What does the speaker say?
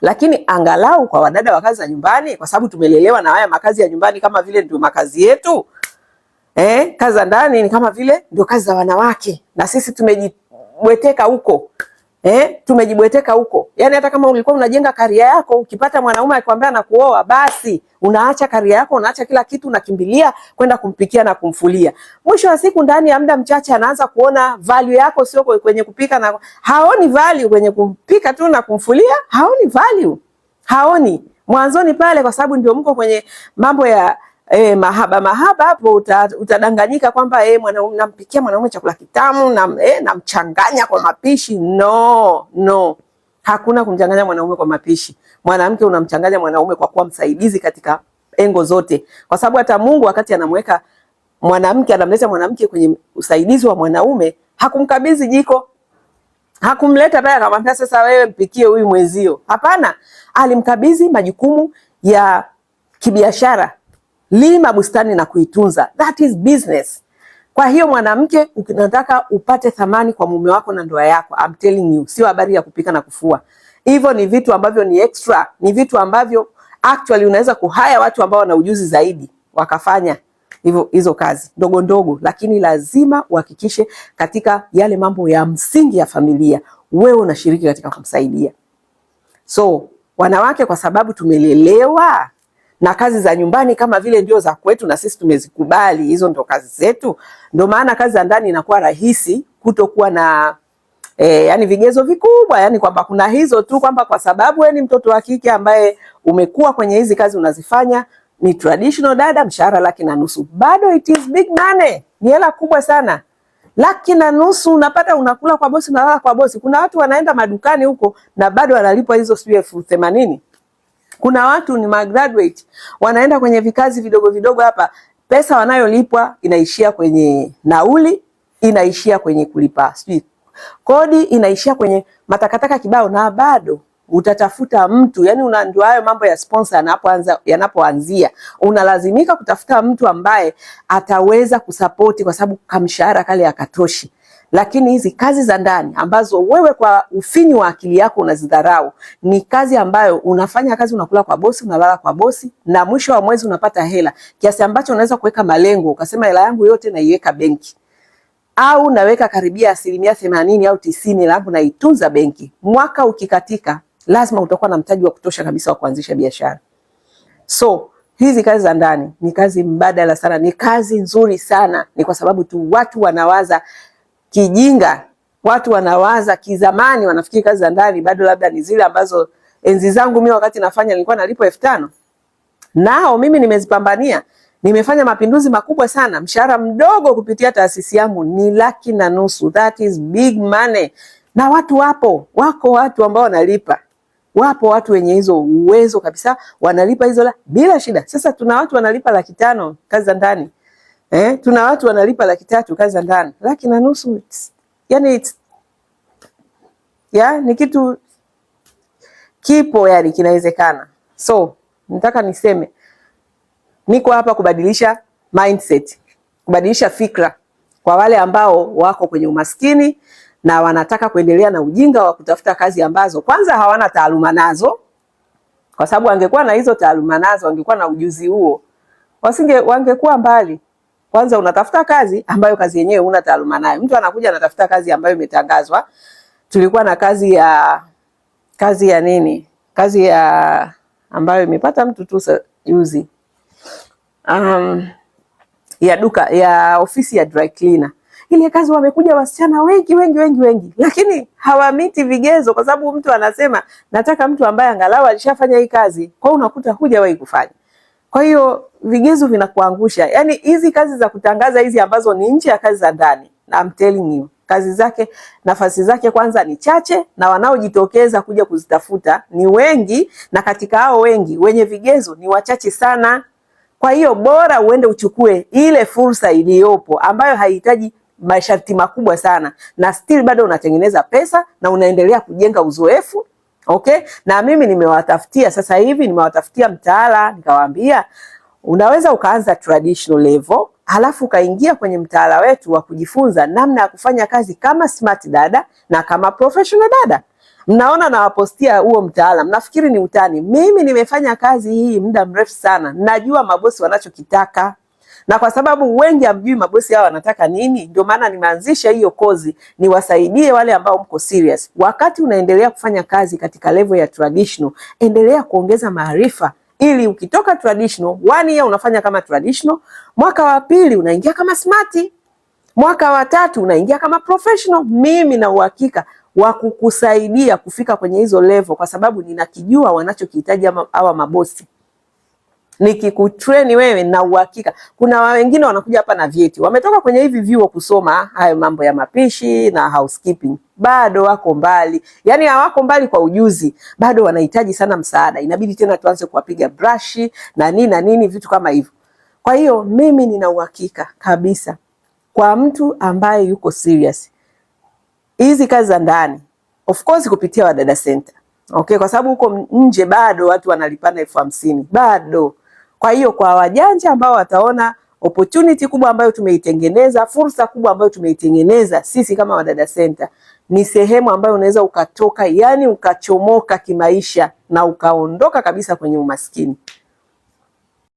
lakini angalau kwa wadada wa kazi za nyumbani, kwa sababu tumelelewa na haya makazi ya nyumbani kama vile ndio makazi yetu eh, kazi za ndani ni kama vile ndio kazi za wanawake, na sisi tumejibweteka huko eh, tumejibweteka huko. Yani hata kama ulikuwa unajenga karia yako, ukipata mwanaume akwambia na kuoa, basi unaacha karia yako, unaacha kila kitu, unakimbilia kwenda kumpikia na kumfulia. Mwisho wa siku, ndani ya muda mchache, anaanza kuona value yako sio kwenye kupika na haoni value kwenye kumpika tu na kumfulia, haoni value, haoni mwanzoni pale, kwa sababu ndio mko kwenye mambo ya E, mahaba mahaba hapo uta, utadanganyika kwamba e, eh, mwanaume nampikia mwanaume chakula kitamu na e, eh, namchanganya kwa mapishi. No, no, hakuna kumchanganya mwanaume kwa mapishi. Mwanamke unamchanganya mwanaume kwa kuwa msaidizi katika engo zote, kwa sababu hata Mungu wakati anamweka mwanamke, anamleta mwanamke kwenye usaidizi wa mwanaume, hakumkabidhi jiko hakumleta pale akamwambia sasa wewe mpikie huyu mwezio. Hapana, alimkabidhi majukumu ya kibiashara lima bustani na kuitunza, that is business. Kwa hiyo mwanamke, unataka upate thamani kwa mume wako na ndoa yako, I'm telling you, sio habari ya kupika na kufua. Hivyo ni vitu ambavyo ni extra, ni vitu ambavyo actually unaweza kuhaya watu ambao wana ujuzi zaidi wakafanya hivyo hizo kazi ndogo ndogo, lakini lazima uhakikishe katika yale mambo ya msingi ya familia wewe unashiriki katika kumsaidia. So wanawake, kwa sababu tumelelewa na kazi za nyumbani kama vile ndio za kwetu na sisi tumezikubali, hizo ndio kazi zetu. Ndio maana kazi za ndani inakuwa rahisi kutokuwa na E, yani vigezo vikubwa yani kwamba kuna hizo tu kwamba kwa sababu ni mtoto wa kike ambaye umekuwa kwenye hizi kazi unazifanya ni traditional dada, mshahara laki na nusu, bado it is big money, ni hela kubwa sana. Laki na nusu unapata, unakula kwa bosi, unalala kwa bosi. Kuna watu wanaenda madukani huko na bado wanalipwa hizo sijui elfu themanini. Kuna watu ni magraduate wanaenda kwenye vikazi vidogo vidogo hapa, pesa wanayolipwa inaishia kwenye nauli, inaishia kwenye kulipa sijui kodi, inaishia kwenye matakataka kibao, na bado utatafuta mtu yani una, ndio hayo mambo ya sponsor yanapoanza yanapoanzia, unalazimika kutafuta mtu ambaye ataweza kusapoti, kwa sababu kamshahara kale akatoshi lakini hizi kazi za ndani ambazo wewe kwa ufinyu wa akili yako unazidharau, ni kazi ambayo unafanya kazi, unakula kwa bosi, unalala kwa bosi, na mwisho wa mwezi unapata hela kiasi ambacho unaweza kuweka malengo ukasema, hela yangu yote naiweka benki au naweka karibia asilimia themanini au tisini langu naitunza benki. Mwaka ukikatika, lazima utakuwa na mtaji wa kutosha kabisa wa kuanzisha biashara. So hizi kazi za ndani ni kazi mbadala sana, ni kazi nzuri sana, ni kwa sababu tu watu wanawaza kijinga. Watu wanawaza kizamani, wanafikiri kazi za ndani bado labda ni zile ambazo enzi zangu mimi wakati nafanya nilikuwa nalipo elfu tano. Nao mimi nimezipambania, nimefanya mapinduzi makubwa sana. Mshahara mdogo kupitia taasisi yangu ni laki na nusu. That is big money. Na watu wapo, wako watu ambao wanalipa wapo watu wenye hizo uwezo kabisa, wanalipa hizo la bila shida. Sasa tuna watu wanalipa laki tano kazi za ndani. Eh, tuna watu wanalipa laki tatu kazi za ndani, laki na nusu it's, yani it's, ya, ni kitu kipo yani kinawezekana. So nataka niseme niko hapa kubadilisha mindset, kubadilisha fikra kwa wale ambao wako kwenye umaskini na wanataka kuendelea na ujinga wa kutafuta kazi ambazo kwanza hawana taaluma nazo, kwa sababu angekuwa na hizo taaluma nazo, angekuwa na ujuzi huo, wasinge wangekuwa mbali. Kwanza unatafuta kazi ambayo kazi yenyewe huna taaluma nayo. Mtu anakuja anatafuta kazi ambayo imetangazwa. Tulikuwa na kazi ya kazi ya nini? Kazi ya ambayo imepata mtu tu juzi. Um, ya duka ya ofisi ya dry cleaner. Ile kazi wamekuja wasichana wengi wengi wengi wengi, lakini hawamiti vigezo, kwa sababu mtu anasema nataka mtu ambaye angalau alishafanya hii kazi, kwa unakuta hujawahi kufanya. Kwa hiyo vigezo vinakuangusha. Yaani hizi kazi za kutangaza hizi ambazo ni nje ya kazi za ndani, na I'm telling you kazi zake nafasi zake kwanza ni chache, na wanaojitokeza kuja kuzitafuta ni wengi, na katika hao wengi wenye vigezo ni wachache sana. Kwa hiyo bora uende uchukue ile fursa iliyopo ambayo haihitaji masharti makubwa sana, na still bado unatengeneza pesa na unaendelea kujenga uzoefu. Okay, na mimi nimewatafutia sasa hivi, nimewatafutia mtaala nikawaambia Unaweza ukaanza traditional level halafu ukaingia kwenye mtaala wetu wa kujifunza namna ya kufanya kazi kama smart dada na kama professional dada. Mnaona nawapostia huo mtaala, mnafikiri ni utani. Mimi nimefanya kazi hii muda mrefu sana, najua mabosi wanachokitaka, na kwa sababu wengi hamjui mabosi hao wanataka nini, ndio maana nimeanzisha hiyo kozi niwasaidie wale ambao mko serious. Wakati unaendelea kufanya kazi katika level ya traditional, endelea kuongeza maarifa ili ukitoka traditional one year unafanya kama traditional, mwaka wa pili unaingia kama smart, mwaka wa tatu unaingia kama professional. Mimi na uhakika wa kukusaidia kufika kwenye hizo level, kwa sababu ninakijua wanachokihitaji hawa mabosi nikikutreni wewe na uhakika. Kuna wengine wanakuja hapa na vyeti, wametoka kwenye hivi vyuo kusoma hayo mambo ya mapishi na housekeeping, bado wako mbali, yani hawako mbali kwa ujuzi, bado wanahitaji sana msaada. Inabidi tena tuanze kuwapiga brashi na nini na nini, vitu kama hivyo. Kwa hiyo mimi nina uhakika kabisa kwa mtu ambaye yuko serious hizi kazi za ndani, of course kupitia Wadada Center. Okay, kwa sababu huko nje bado watu wanalipana elfu hamsini bado kwa hiyo kwa wajanja ambao wataona opportunity kubwa ambayo tumeitengeneza, fursa kubwa ambayo tumeitengeneza sisi kama Wadada Center, ni sehemu ambayo unaweza ukatoka, yani ukachomoka kimaisha na ukaondoka kabisa kwenye umaskini.